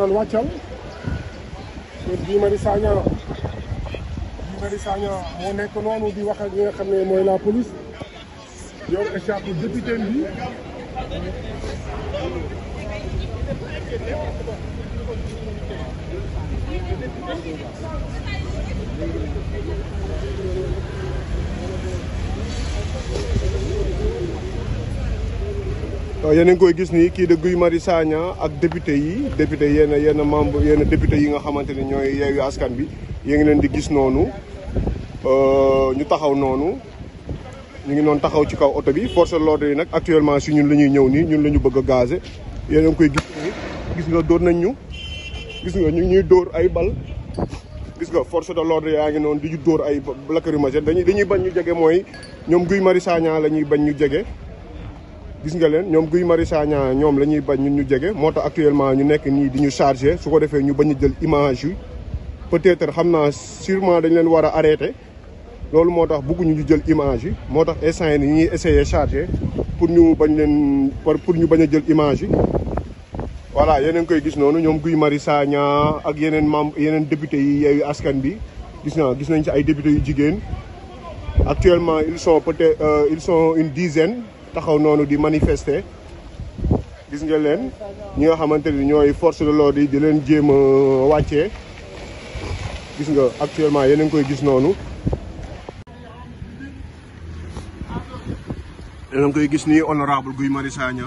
loolu wàccal te Guy Marius Sagna Guy Marius Sagna noonu di wax ak ñi nga xam ne mooy la police yow échappe député bi yéen a koy gis ni kii de Guy Marius Sagna ak député yi député yenn yenn membre yenn député yi nga xamante ne ñooy askan bi yéen ngi leen di gis noonu euh, ñu taxaw noonu ñu ngi noonu taxaw ci kaw oto bi force de l'ordre yi nag actuellement si ñun la ñuy ñëw nii ñun la ñu bëgg a gazé yéen a koy gis ni gis nga dóor nañ ñu gis nga ñu ñuy dóor ay bal gis nga force de l'ordre yaa ngi noonu di ñu dóor ay lacrymogène dañuy dañuy bañ ñu jege mooy ñoom Guy mari la bañ ñu jege gis nga len ñom Guy Marius Sagna ñoom la bañ ñun ñu jégué moto actuellement ñu nekk ni di ñu chargé su ko defee ñu bañ jël image peut-être xamna sûrement dañ leen wara arrêter arrêté motax bëggu tax ñu jël image motax moo ni instant yi ñuy pour ñu bañ leen pour ñu bañ jël image voilà yeneen koy gis nonu ñom Guy Marius Sagna ak yeneen membre yeneen député yi yeeyu askan bi gis na gis nañ ci ay député yu jigen actuellement ils sont peut-être euh, ils sont une dizaine taxaw noonu di manifester gis nga leen ñi nga xamante ni ñooy force de l'ordre di leen jéem a wàccee gis nga actuellement yéen a koy gis noonu. yéen ngi koy gis nii honorable Guy Marius Sagna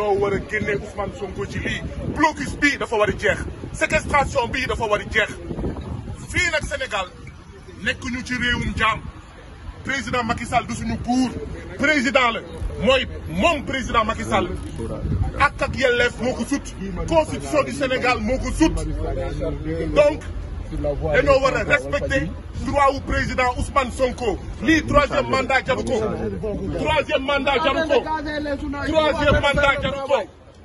ñoo war a génne Ousmane Sonko ci lii blocus bii dafa war a jeex séquestration bii dafa war a jeex fii nag Sénégal nekkuñu ci réewum jaam président Macky Sall du suñu buur président la mooy moom président Macky Sall ak ak yelleef moo ko sut constitution du Sénégal moo ko sut donc Et nous voulons respecter le droit au président Ousmane Sonko le troisième mandat Jarouko, troisième mandat Jarouko, troisième mandat Jarouko,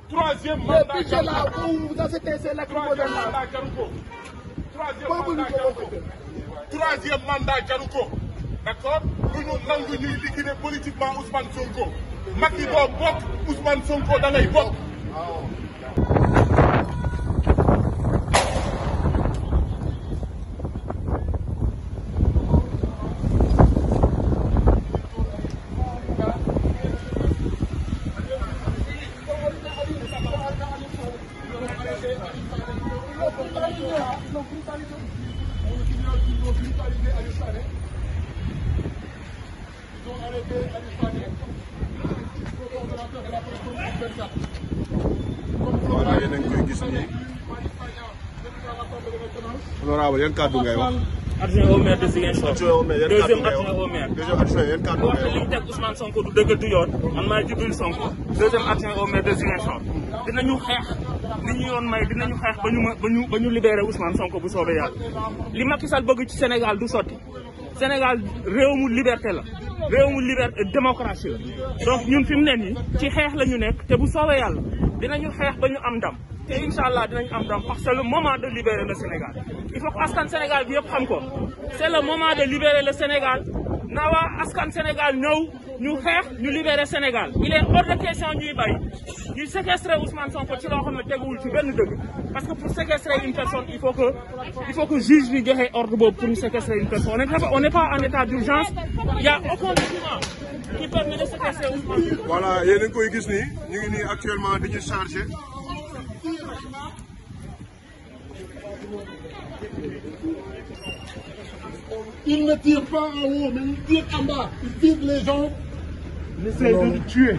troisième mandat Jarouko, troisième mandat Jarouko, d'accord Nous nous rendons politiquement Ousmane Sonko Macky vote Ousmane Sonko dans les Ils ont brutalisé. Ils ont brutalisé Aliou Sané. Ils ont arrêté Aliou Sané. coordonnateur de la presse. voilà yéen a ngi koy gis nii. honorable yan kàddu ngay wax. adjoint au maire de Ziguinchor. adjoint au maire yan kàddu ngay wax deuxième adjoint au maire. deuxième adjoint yan kàddu ngay wax. wax li ñu teg Ousmane Sonko du dëgg du yoon. man maa Djibril Sonko. deuxième adjoint au maire de Ziguinchor. dinañu xeex. li ñu yoon may dinañu xeex ba ñu ba ñu ba ñu libéré Ousmane Sonko bu soobee yàlla li Macky Sall bëgg ci Sénégal du sotti Sénégal réew mu liberté la réew mu liberté démocratie la donc ñun fi mu ne nii ci xeex la ñu nekk te bu soobee yàlla dinañu xeex ba ñu am ndam te incha allah dinañ am ndam parce que le moment de libérer le Sénégal il faut que askan Sénégal bi yëpp xam ko c'est moment de libérer le Sénégal Nawa, askan Sénégal nous, nous faire, nous libérer Sénégal il est hors de question ñuy Nous ñu séquestrer Ousmane Sonko ci loo xam ne teguwul ci parce que pour séquestrer une personne il faut que il faut que juge lui joxe ordre boobu pour séquestrer une personne on n'est pas en état d'urgence il y a aucun document qui permet de séquestrer Ousmane voilà a des koy gis nii ñu ngi nii actuellement dañuy chargé. Il ne tirent pas en haut, mais il tirent en bas. Il tire les gens. Il essaie de les tuer.